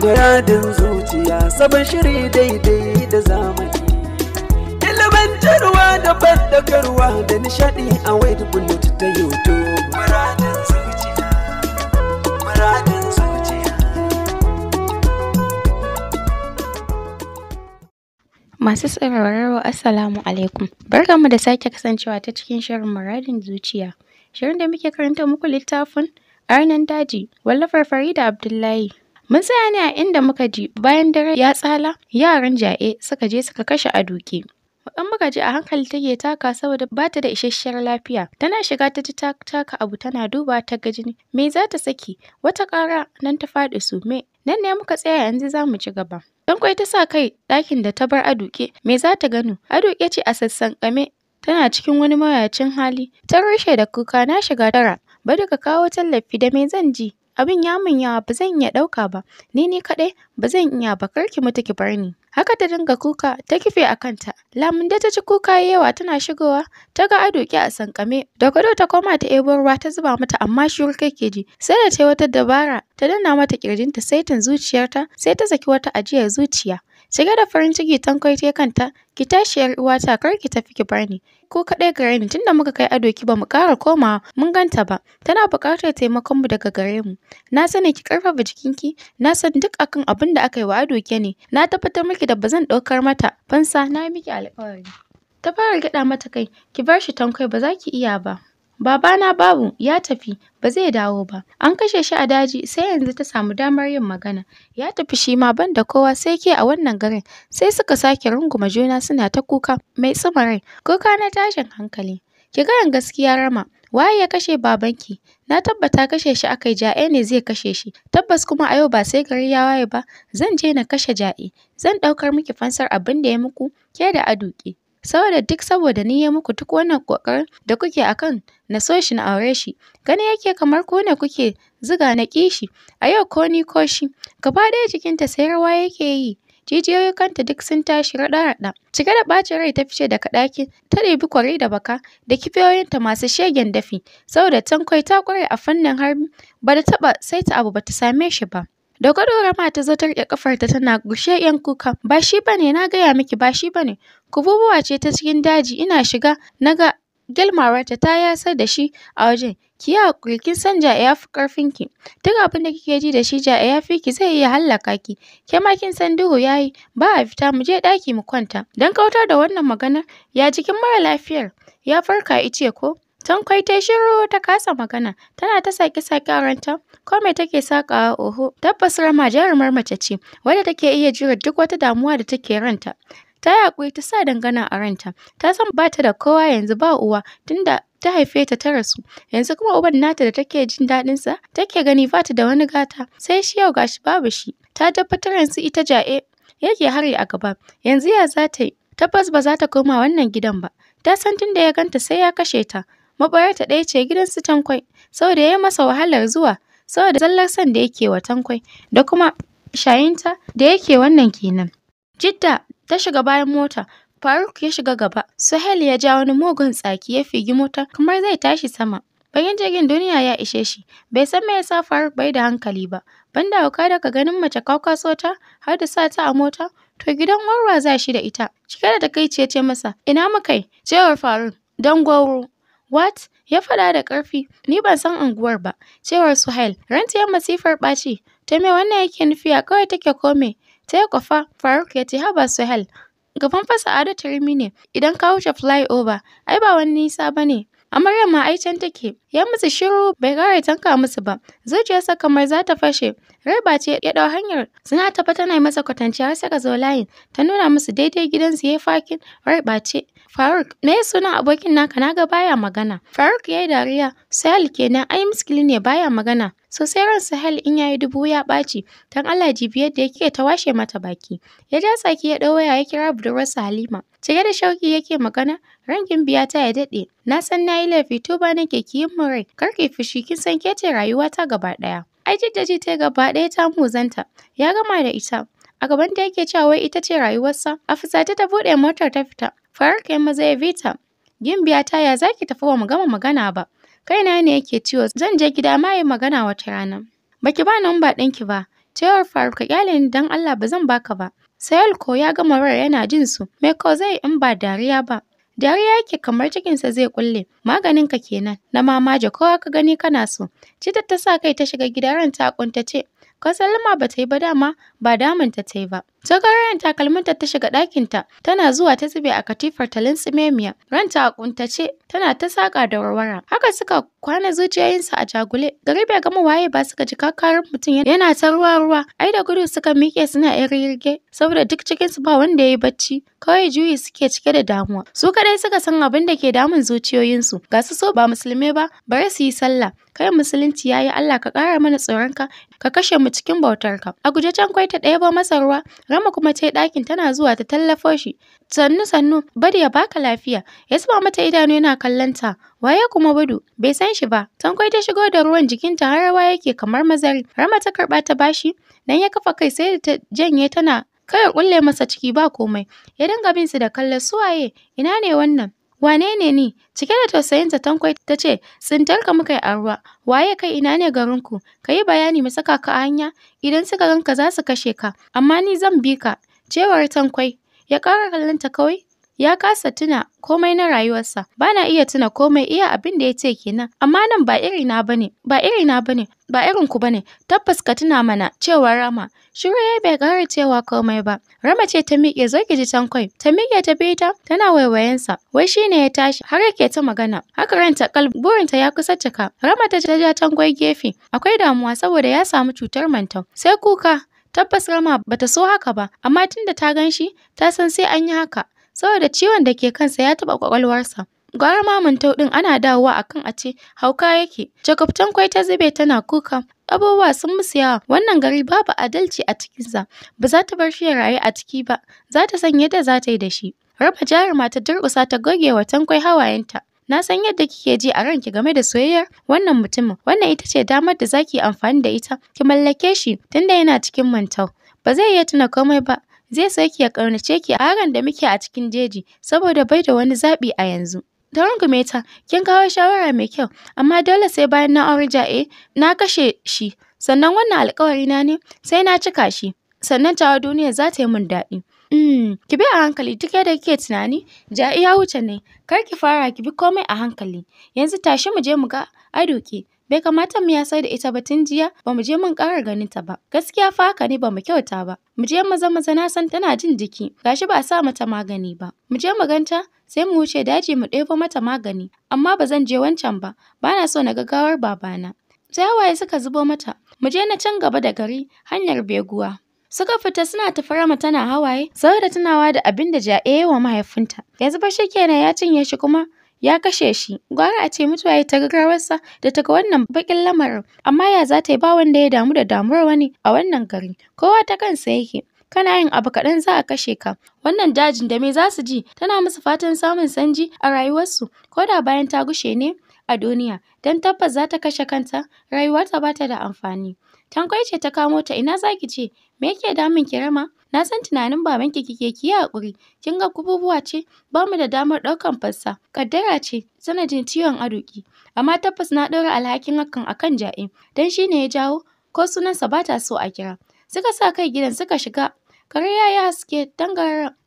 Muradin zuciya sabon shiri daidai da zamani. Ilimantarwa da bandagarwa da nishadi a wade bullet ta YouTube. Masu tsirararwa Assalamu alaikum. Barkanmu da sake kasancewa ta cikin shirin muradin zuciya. Shirin da muke karanta muku littafin Arnan Daji, wallafar Farida Abdullahi, Mun tsaya ne a inda muka ji bayan dare ya tsala yaran ja'e suka je suka kashe a duke. Dan muka ji a hankali take taka saboda ba ta da isasshiyar lafiya. Tana shiga ta ji taka abu tana duba ta ga jini. Me za ta saki? Wata ƙara nan ta faɗi su me. Nan ne muka tsaya yanzu za mu ci gaba. Dan kwai ta sa kai ɗakin da ta bar aduke. Me za ta gano? duke ce a sassan ƙame? Tana cikin wani mawuyacin hali. Ta rushe da kuka na shiga tara. Bari ka kawo tallafi da me zan ji? abin ya min yawa ba zan iya ɗauka ba ni ni kaɗai ba zan iya ba kar ki mutu ki bar ni haka ta dinga kuka ta kife a kanta lamunde ta ci kuka yawa tana shigowa ta ga ado ki a sankame da kwado ta koma ta ebo ruwa ta zuba mata amma shiwar kai ke ji sai da ta yi wata dabara ta danna mata kirjinta saitin zuciyarta sai ta saki wata ajiyar zuciya Cike da farin ciki Tanko ya kanta, ki tashi yar uwata kar ki tafi ki bar ni. Ko kaɗai gare ni tunda muka kai ado ki bamu ƙara komawa mun ganta ba. Tana buƙatar taimakon mu daga gare mu. Na sani ki ƙarfafa jikinki, na san duk akan abin da aka yi wa ado ke ne. Na tabbatar miki da ba zan ɗaukar mata fansa na miki alƙawari. Ta fara gyaɗa mata kai, ki bar shi tankwai ba za ki iya ba. Babana babu, ya tafi, ba zai dawo ba. An kashe shi a daji sai yanzu ta samu damar yin magana. Ya tafi shi ma ban da kowa sai ke a wannan garin. Sai suka sake runguma juna suna ta kuka mai tsuma kuka na tashin hankali. Ki gayan gaskiya Rama, waye ya kashe babanki? Na tabbata kashe shi akai ja'e ne zai kashe shi. Tabbas kuma a yau ba sai gari ya waye ba, zan je na kashe ja'e. Zan ɗaukar miki fansar abin da ya muku, ke da aduki saboda duk saboda ni ya muku duk wannan ƙoƙarin da kuke akan na so shi na aure shi gani yake kamar ko ne kuke ziga na kishi a yau ko ni ko shi gaba ɗaya jikinta sai rawa yake yi jijiyoyin duk sun tashi raɗa-raɗa cike da ɓacin rai ta fice daga ɗakin ta ɗebi kwari da baka da kifiyoyinta masu shegen dafi saboda tankwai ta ƙware a fannin harbi ba da taɓa saita abu ba ta same shi ba Da ma ta zo ta kafar ta tana yan kuka. Ba shi bane na gaya miki ba shi ba ne. Kububuwa ce ta cikin daji, ina shiga, naga ga ta ta yasa da shi a wajen. Ki yi haƙuri, kin san ja ya fi ƙarfinki. Duk abin da kike ji da shi ja ya fi ki zai iya hallaka ki. Ke ma kin san duhu ya yi, ba a fita mu je ɗaki mu kwanta. dan kautar da wannan maganar, ya jikin mara lafiyar? Ya farka ice ko? Tankwai ta yi shiru ta kasa magana, tana ta saƙe saki a ranta, ko mai take sakawa, oho, tabbas Rama jarumar mace ce, wadda take iya jira duk wata damuwa da take ranta. Ta yaƙuri ta sa dangana a ranta, ta san ba ta da kowa yanzu ba uwa, tunda ta haife ta ta rasu, yanzu kuma uban nata da take jin daɗin sa, take gani ba ta da wani gata, sai shi yau gashi babu shi, ta tabbatar yanzu ita ja'e yake hari a gaba, yanzu ya za ta yi, tabbas ba za ta koma wannan gidan ba, ta san tunda ya ganta sai ya kashe ta. ta ɗaya ce gidan su Tankwai, saboda ya yi masa wahalar zuwa, saboda zallar sanda da yake wa Tankwai, da kuma shayinta da yake wannan kenan. Jidda ta shiga bayan mota, Faruk ya shiga gaba, Suhail ya ja wani mugun tsaki ya figi mota kamar zai tashi sama. Bayan jirgin duniya ya ishe shi, bai san me yasa Faruk bai da hankali ba. Banda hauka daga ganin mace kwakwaso ta har da sa ta a mota, to gidan warwa za shi da ita. Cike da takaice ya ce masa, ina mu kai? Cewar Faruk, don gwauro. What? Ya faɗa da ƙarfi. Ni ban san unguwar ba. Cewar Suhail. Ranta ya masifar ɓaci. ta me wannan yake nufi a kawai take kome? Ta yi kwafa. Faruk ya ce haba Suhail. Gaban fasa ado ta ne. Idan ka wuce flyover. Ai ba wani nisa ba ne. Amarya ma ai can take. Ya musu shiru bai kare tanka musu ba. Zuciyarsa kamar za ta fashe. ba ce ya ɗau hanyar. Suna tafa tana masa kwatance har saka zo layin. Ta nuna musu daidai gidansu yayi fakin. ba ce. Faruk, me ya sunan abokin naka na ga baya magana. Faruk ya yi dariya, Sahel kenan ai miskili ne baya magana. So sai ran Sahel in ya yi dubu ya ɓaci, don Allah ji da ya yake ta washe mata baki. Ya ja saki ya ɗau waya ya kira budurwarsa Halima. Cike da shauki yake magana, rangin biya ta ya daɗe. Na san na yi laifi tuba nake ki yin rai. kar ki fushi kin san ke rayuwa ta gaba ɗaya. Ai jijjaji ta gaba ɗaya ta muzanta, ya gama da ita. a gaban gabanta yake cewa wai ita ce rayuwarsa. A fusace ta buɗe motar ta fita. Farar ya maza ya vita. ta. Gimbiya ta ya zaki tafi wa mu gama magana ba. Kaina ne yake ciwo zan je gida ma yi magana wata rana. Baki ba namba ɗinki ba. Cewar faru ka kyale ni dan Allah ba zan baka ba. Sayal ko ya gama rar yana jin su. Me ko zai in ba dariya ba. Dariya yake kamar cikinsa zai kulle. Maganin maganinka kenan na mamaje kowa ka gani kana so Ci ta sa kai ta shiga gida ran ta kuntace ka sallama ba ta yi ba dama ba damun ta yi ba tsokarar takalminta ta shiga ɗakinta tana zuwa ta zube a katifar talin tsimemiya Ran a kuntace tana ta saƙa da warwara haka suka kwana zuciyoyinsu a jagule gari bai gama waye ba suka ji kakarin mutum yana ta ruwa ruwa ai da gudu suka miƙe suna yan rirge saboda duk cikinsu ba wanda ya yi bacci kawai juyi suke cike da damuwa su kaɗai suka san abin da ke damun zuciyoyinsu su ga su so ba musulmai ba bari su yi sallah kai musulunci yayi Allah ka ƙara mana tsoronka ka kashe mu cikin bautarka a guje can kwai ta ɗaya ba masa ruwa rama kuma ta ɗakin tana zuwa ta tallafo shi sannu sannu bari ya baka lafiya ya zuba mata idanu yana kallon ta waye kuma budu bai san shi ba tankwai ta shigo da ruwan jikinta har rawa yake kamar mazari rama ta karɓa ta bashi dan ya kafa kai sai da ta janye tana kai kulle masa ciki ba komai ya dinga bin su da kallon suwaye ina ne wannan Wane ne ni? Cike da tausayinta Tankwai ta ce, Tsintarka muka yi a ruwa, waye kai ina ne garinku? Ka yi bayani mu saka ka a hanya, idan suka ganka za su kashe ka, amma ni zan bi ka. Cewar Tankwai, ya ƙara ta kawai ya kasa tuna komai na rayuwarsa bana iya tuna komai iya abin da ya ce kenan amma nan ba iri na bane ba iri na bane ba irin ku bane tabbas ka tuna mana cewa rama shiru ya bai kara cewa komai ba rama ce ta miƙe zo ki ji can kwai. ta miƙe ta bi ta tana waiwayensa wai shine ya tashi har yake ta magana haka ranta kal burinta ya kusa cika rama ta ja can gefe akwai damuwa saboda ya samu cutar mantau sai kuka tabbas rama bata so haka ba amma tunda ta gan shi ta san sai an yi haka saboda ciwon da ke kansa ya taɓa ƙwaƙwalwarsa. Gwara mamun ɗin ana dawowa akan a ce hauka yake. Jacob kwai ta zube tana kuka. Abubuwa sun musu yawa. Wannan gari babu adalci a cikinsa. Ba za ta bar shi ya rayu a ciki ba. Za ta san yadda za ta yi da shi. Raba jaruma ta durƙusa ta goge wa Tankwai hawayenta. Na san yadda kike ji a ranki game da soyayyar wannan mutumin. Wannan ita ce damar da za zaki amfani da ita. Ki mallake shi tunda yana cikin mantau. Ba zai iya tuna komai ba. zai sake ya ƙaunace ki a haran da muke a cikin jeji saboda bai da wani zaɓi a yanzu. Ta rungume ta, kin kawo shawara mai kyau, amma dole sai bayan na auri ja'e, na kashe shi, sannan wannan alƙawari na ne, sai na cika shi, sannan tawa duniya za ta yi min daɗi. Mm, ki bi a hankali duk yadda kike tunani, ja'i ya wuce ne, kar ki fara ki bi komai a hankali. Yanzu tashi mu je mu ga aduke. bai kamata mu sai da ita ba tun jiya ba mu je mun ƙara ganin ta ba gaskiya fa haka ne ba mu kyauta ba mu je maza maza na san tana jin jiki gashi ba a sa mata magani ba mu je mu ganta sai mu wuce daji mu ɗebo mata magani amma ba zan je wancan ba bana so na gaggawar babana sai hawaye suka zubo mata mu je na can gaba da gari hanyar beguwa suka fita suna tafarama tana hawaye saboda tunawa da abin da ja'e wa mahaifinta yanzu ba shikenan ya cinye shi kuma ya kashe shi gwara a ce mutuwa yayi ta gaggawarsa da ta ga wannan baƙin lamarin amma ya za ta yi ba wanda ya damu da damuwar wani a wannan gari kowa ta kansa yake kana yin abu kaɗan za a kashe ka wannan dajin da me za su ji tana musu fatan samun sanji a rayuwarsu ko da bayan ta gushe ne a duniya don tabbas za ta kashe kanta rayuwarta ba ta da amfani tankwai ce ta kamo ta ina za ki je me yake damun ki rama na san tunanin babanki kike ki yi haƙuri kin ga kububuwa ce ba mu da damar ɗaukan fassa kaddara ce sanadin ciwon aduki amma tabbas na ɗora alhakin hakan akan ja'in dan shine ya jawo ko sunansa ba ta so a kira suka sa kai gidan suka shiga kare ya yi haske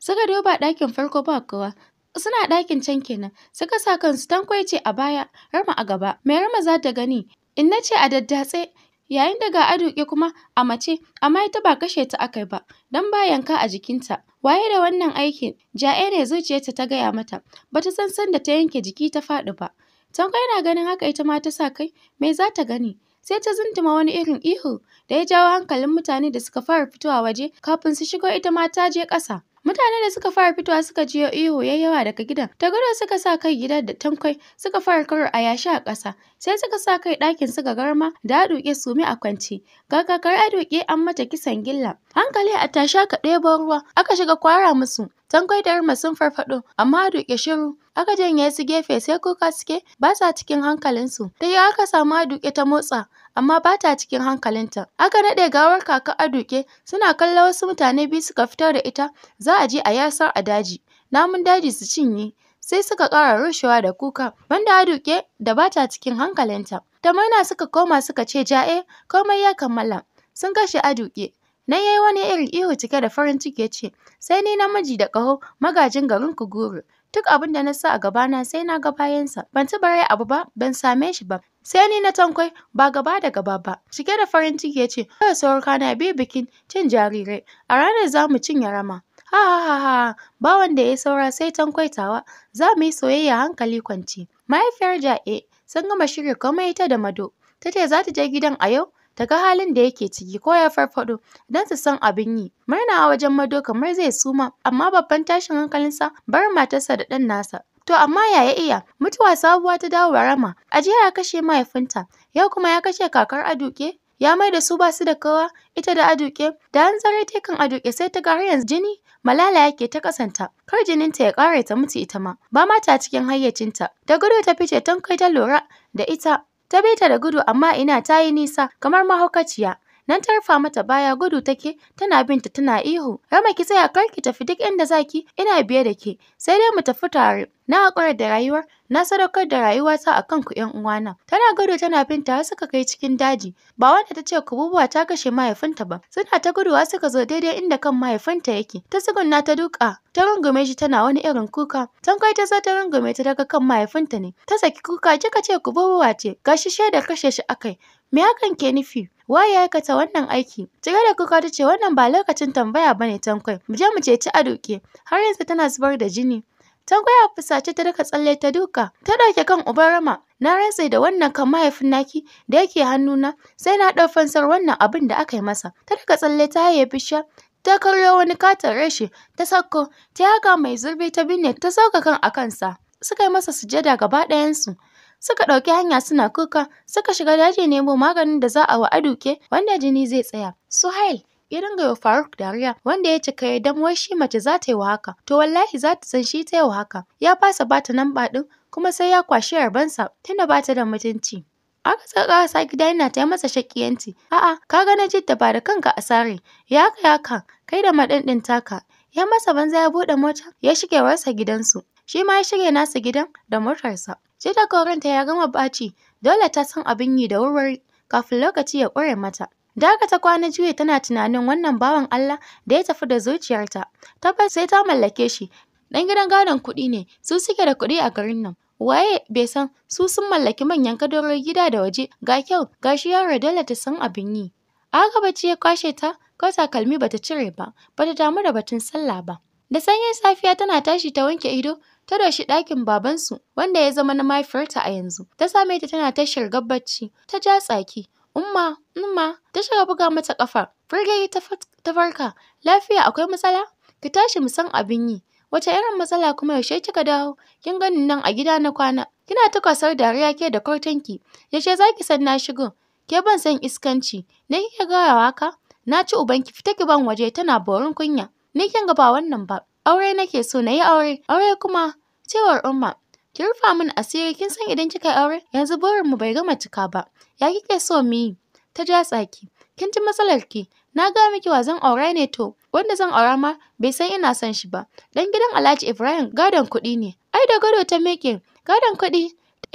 suka duba ɗakin farko ba kowa suna ɗakin can kenan suka sa kansu tankwai ce a baya rama a gaba mai rama za ta gani in na ce a daddatse Yayin da ga aduke kuma a mace amma ita ba kashe ta akai ba dan ba yanka a jikinta. Waye da wannan aikin? Ja'e ne zuciyarta ta gaya mata, bata san sanda ta yanke jiki ta faɗi ba. Tanko yana ganin haka ita ma ta sa kai, me za ta gani? Sai ta zuntuma wani irin ihu da ya jawo hankalin mutane da suka fara fitowa waje kafin su shigo ita ma ta je ƙasa. Mutane da suka fara fitowa suka jiyo ihu ya yawa daga gidan. ta gudu suka sa kai gidan da tankwai suka fara karo a yashi a ƙasa. Sai suka sa kai ɗakin suka garma da aduke sumi a kwance, Ga kakar aduke an mata kisan gilla. Hankali a tasha aka ɗebo ruwa aka shiga kwara musu. Tankwai da Irma sun farfaɗo amma aduke shiru. Aka janye su gefe sai kuka suke ba sa cikin hankalinsu. ta yi aka samu aduke ta motsa amma ba ta cikin hankalinta. Aka naɗe gawar kaka a duke, suna kalla wasu mutane biyu suka fitar da ita za a je a yasar a daji namun daji su cinye. Sai suka ƙara rushewa da kuka banda a duke da ba ta cikin hankalinta. ta murna suka koma suka ce ja'e eh, komai ya kammala sun kashe a duke. Nan yayi wani irin ihu cike da farin ciki ya ce, sai ni na miji da ƙaho magajin garin Kuguru. Duk abin da na sa a gabana sai na ga bayansa. Ban taba rai abu ba, ban same shi ba. sai ni na tankwai ba gaba da gaba ba cike da farin ciki ya ce kada sauran kana biyu bikin cin jarirai a ranar zamu mu cinye rama ha ha ha ha ba wanda ya saura sai tankwai tawa za mu yi soyayya hankali kwanci mahaifiyar ja'e sun gama shirya komai ita da mado ta ce za ta je gidan a yau ta ga halin da yake ciki ko ya farfaɗo don su san abin yi murna a wajen mado kamar zai suma amma babban tashin hankalinsa bar matarsa da ɗan nasa To amma yaya iya? Mutuwa sabuwa ta dawo wa Rama. A ya kashe mahaifinta, yau kuma ya kashe kakar Aduke. Ya mai da su basu da kowa, ita da Aduke. Da an zare ta Aduke sai ta gari har yanzu jini malala yake ta kasanta. Kar jininta ya ƙare ta mutu ita ma. Ba ma ta cikin hayyacinta. Da gudu ta fice tan kai ta lura da ita. Ta bi ta da gudu amma ina ta yi nisa kamar mahaukaciya. nan ta rufa mata baya gudu take tana binta tana ihu rama ki tsaya kar ki tafi duk inda zaki ina biye da ke sai dai mu tafi tare na haƙura da rayuwar na sadaukar da rayuwata a akan ku uwana tana gudu tana binta har suka kai cikin daji ba wanda ta ce kububuwa ta kashe mahaifinta ba suna ta guduwa suka zo daidai inda kan mahaifinta yake ta tsugunna ta duka ta rungume shi tana wani irin kuka tankwai ta zo ta rungume ta daga kan mahaifinta ne ta saki kuka kika ce kububuwa ce gashi shaidar kashe shi akai me hakan ke nufi Waye ya aikata wannan aiki? Cike da kuka ta ce wannan ba lokacin tambaya ba ne tankwai. Mu je mu ceci a duke. Har yanzu tana zubar da jini. Tankwai a fusace ta daka tsalle ta duka. Ta ɗauke kan uban rama. Na rantse da wannan kan mahaifin naki da yake hannuna sai na ɗau fansar wannan abin da aka yi masa. Ta daka tsalle ta haye bishiya ta karyo wani katon reshe ta sauko ta yaga mai zurfi ta binne ta sauka kan a kansa. Suka yi masa sujada gaba ɗayansu. Suka ɗauki hanya suna kuka, suka shiga daji nemo maganin da za a wa aduke wanda jini zai tsaya. Suhail ya dinga wa Faruk dariya wanda ya cika ya dan wai shi mace za ta yi wa haka, to wallahi za ta san shi ta yi wa haka. Ya fasa bata nan namba kuma sai ya kwashi yarbansa tunda bata bata da mutunci. aka tsaka sa gida yana ta masa shakiyanci a'a ka ga na jidda ba da kanka a sare ya ka ya ka kai da madandin taka ya masa banza ya buɗe mota ya shige warsa gidansu shi ma ya shige nasa gidan da motarsa Sai da ta ya gama ɓaci, dole ta san abin yi da wurwuri kafin lokaci ya ƙure mata. Da ta kwana juya tana tunanin wannan bawan Allah da ya tafi da zuciyarta. Tabbas sai ta mallake shi. Dan gidan gadon kuɗi ne, su suke da kuɗi a garin nan. Waye bai san su sun mallaki manyan kadarorin gida da waje ga kyau ga shi yaro dole ta san abin yi. aga haka bacci ya kwashe ta ko takalmi bata cire ba, bata damu da batun sallah ba. Da sanyin safiya tana tashi ta wanke ido ta doshi ɗakin babansu wanda ya zama na mahaifiyarta a yanzu. Ta same ta tana tashar shirgar bacci, ta ja tsaki, umma, umma, ta shiga buga mata ƙafa. Firgai ta farka, lafiya akwai matsala? Ki tashi mu san abin yi. Wace irin matsala kuma yaushe kika dawo? Kin gani nan a gida na kwana. Kina ta kwasar dariya ke da kwartanki. Yaushe za ki san na shigo? Ke ban san iskanci. Ne kike gawa haka? Na ci ubanki fita ki ban waje tana borin kunya. Ni kin ga ba wannan ba. aure nake so na yi aure aure kuma cewar umma ki rufa min asiri kin san idan kika yi aure yanzu burin mu bai gama cika ba ya kike so mu yi ta ja tsaki kin ji matsalar ki na ga miki wa zan aura ne to wanda zan aura ma bai san ina son shi ba dan gidan Alhaji Ibrahim gadon kuɗi ne ai da gado ta meke gadon kuɗi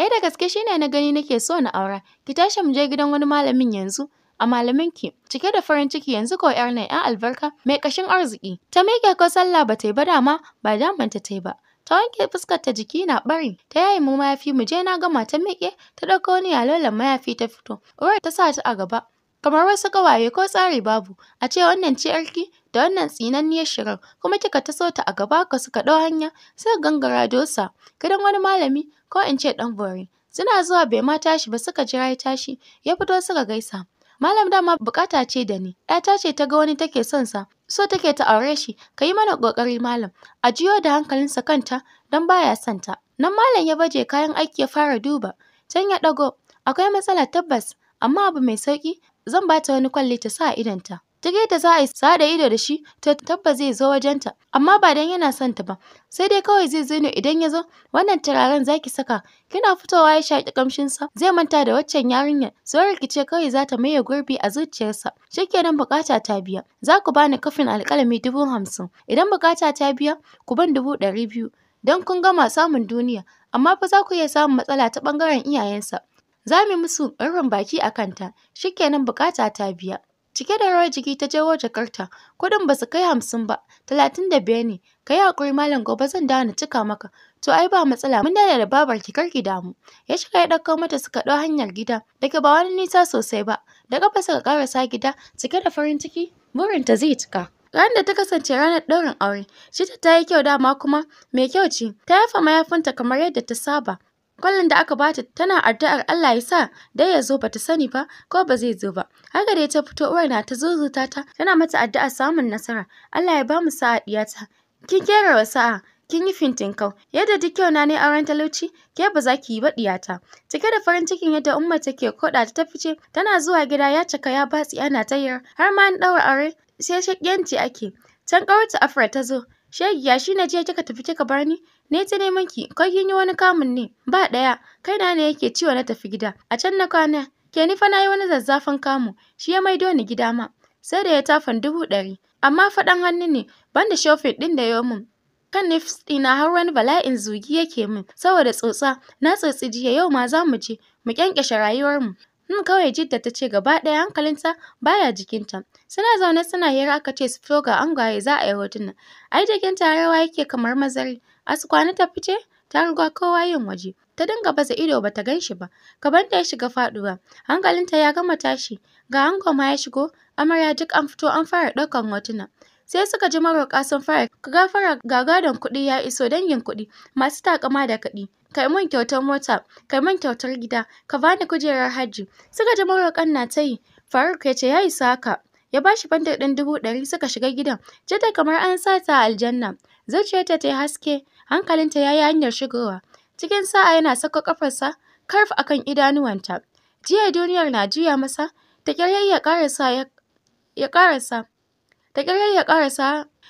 eh da gaske shine na gani nake so na aura ki tashi mu je gidan wani malamin yanzu a malaminki. Cike da farin ciki yanzu ko ‘yar nan ‘yan albarka mai kashin arziki. Ta miƙe ko sallah ba ta yi ba dama ba daman ta yi ba. ta wanke fuskar ta jiki na bari ta yayi mu mayafi mu je na gama ta miƙe ta ɗauko wani yalolan mayafi ta fito uwar ta sa ta a gaba kamar wasu ƙawaye ko tsari babu a ce wannan ce arki da wannan tsinanniyar shirar kuma kika taso ta a gaba ka suka ɗau hanya suka gangara dosa gidan wani malami ko in ce ɗan bori suna zuwa bai ma tashi ba suka jira ya tashi ya fito suka gaisa Malam dama bukata ce da ni, ‘yata ce ta ga wani take son sa, so take ta aure shi, ka yi mana ƙoƙari malam, a jiyo da sa kanta don baya son ta. Nan malam ya baje kayan aiki ya fara duba, can ya ɗago, akwai matsala tabbas, amma abu mai sauƙi zan ba ta wani kwalli ta sa a idonta. ta yadda za a yi sada ido da shi ta tabbas zai zo wajenta amma ba dan yana son ta ba sai dai kawai zai ne idan ya zo wannan turaren zaki saka kina fitowa ya shaki kamshin sa zai manta da waccan yarinyar sai rikice kawai za ta maye gurbi a zuciyarsa shikenan bukata ta biya za ku bani kafin alƙalami dubu hamsin idan bukata ta biya ku ban dubu ɗari biyu don kun gama samun duniya amma fa za ku iya samun matsala ta bangaren iyayensa za mu musu rurrun baki a kanta shikenan bukata ta biya Cike da rawar jiki ta jawo jakarta, kuɗin ba su kai hamsin ba, talatin da biyar ne. Ka yi haƙuri malam gobe zan dawo na cika maka. To ai ba matsala mun daina da babar kar ki damu. Ya shiga ya ɗauko mata suka ɗau hanyar gida, daga ba wani nisa sosai ba. Da ƙafa suka ƙarasa gida cike da farin ciki, burinta zai cika. Ranar da ta kasance ranar ɗaurin aure, shi ta yi kyau dama kuma mai kyau ce, ta yafa mayafinta kamar yadda ta saba. Kwallon da aka bata tana addu'ar Allah ya sa dai ya zo bata sani ba ko ba zai zo ba. Haka dai ta fito uwar na ta zuzuta ta tana mata addu'a samun nasara. Allah ya bamu sa'a diyata. Kin kera wa sa'a kin yi fintin kau yadda duk yau na ne auren talauci ke ba za ki yi ba diyata cike da farin cikin yadda umma take koda ta fice tana zuwa gida ya cika ya batsi ana tayar har ma an daura aure sai shakiyanci ake can kawarta afra ta zo shegiya shine je kika tafi kika bar ni Ne ta neman ki, kai kin yi wani kamun ne, ba ɗaya, na ne yake ciwo na tafi gida, a can na kwana, ke ni fa na yi wani zazzafan kamu, shi ya maido ni gida ma, sai da ya tafan dubu ɗari, amma faɗan hannu ne, banda shofin ɗin da yi mun Kan nifs ɗina har wani bala'in zugi yake min, saboda tsotsa, na tsotsi jiya yau ma za mu je, mu kyankyashe rayuwarmu. Hmm, kawai Jidda ta ce gaba ɗaya hankalinta baya jikinta. Suna zaune suna hira aka ce su fito ga angwaye za a yi hotuna. Ai jikinta rawa yake kamar mazari. kwana ta fice ta riga kowa yin waje. Ta dinga baza ido bata gan shi ba. Kabanda ya shiga faɗuwa. Hankalinta ya gama tashi. Ga ango ma ya shigo, amarya duk an fito an fara ɗaukan hotuna. Sai suka ji maroƙa sun fara gafara ga gadon kuɗi ya iso dangin kuɗi masu takama da kaɗi. Kai mun kyautar mota, kai mun kyautar gida, ka bani kujerar hajji. Suka ji maroƙan na ta yi. Faruk ya ce ya isa haka. Ya bashi fanta ɗin dubu ɗari suka shiga gidan. Jada kamar an sata a aljanna. Zuciyarta ta yi haske, hankalinta ya yi hanyar shigowa. Cikin sa'a yana saka ƙafarsa karf a kan idanuwanta. Jiya duniyar na juya masa, ta ƙyar ya ƙarasa ya ya ƙarasa.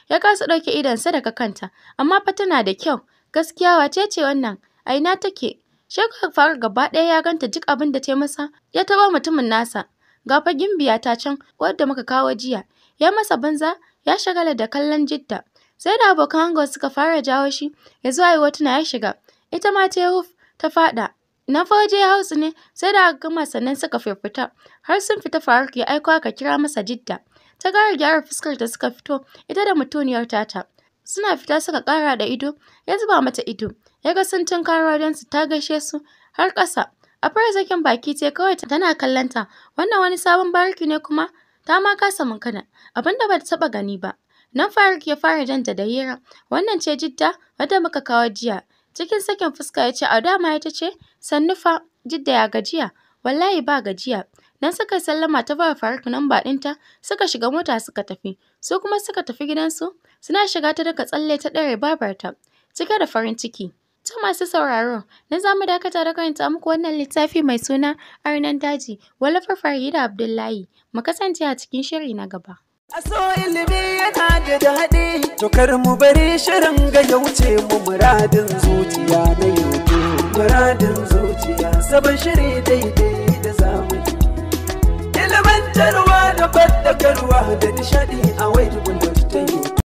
Ta kasa ɗauke idonsa daga kanta, amma fa tana da kyau. Gaskiya wace ce wannan? A ina take? Shekar fara gaba ɗaya ya ganta duk abin da ta masa, ya taɓa mutumin nasa. Ga fa gimbiya ta can wadda muka kawo jiya, ya masa banza ya shagala da kallon jidda. Sai da abokan angon suka fara jawo shi ya zuwa Yiwatuna ya shiga, ita ma ta yi ta faɗa. Na farje ya hau ne sai da aka gama sannan suka firfita, har sun fita Faruk ya aiko aka kira masa Jidda. Ta gara gyara fuskar da suka fito ita da mutuniyar tata. Suna fita suka kara da ido, ya zuba mata ido, ya ga sun tunkaro don su ta gaishe su har ƙasa. A fara zakin baki ce kawai tana kallonta, wannan wani sabon bariki ne kuma ta ma kasa munkana, abinda abinda ba ta taɓa gani ba. Nan fara ya fara janta da hira, wannan ce Jidda wadda muka kawo jiya. Cikin sakin fuska ya ce a dama ita ce, sannu fa Jidda ya gajiya, wallahi ba gajiya. Nan suka sallama ta ba Faruk namba ɗinta, suka shiga mota suka tafi. Su kuma suka tafi gidansu, suna shiga ta daga tsalle ta ɗare babarta, cike da farin ciki. Ta masu sauraro, na za mu dakata da karanta muku wannan littafi mai suna Arnan Daji, wallafar Farida Abdullahi. Mu kasance a cikin shiri na gaba. Aso ilimi yana da daɗi, tukar mu bari shirin ga ya wuce mu muradin zuciya na yanzu. Muradin zuciya sabon shiri daidai da zamani. Ilimantarwa da fadakarwa da nishaɗi a wai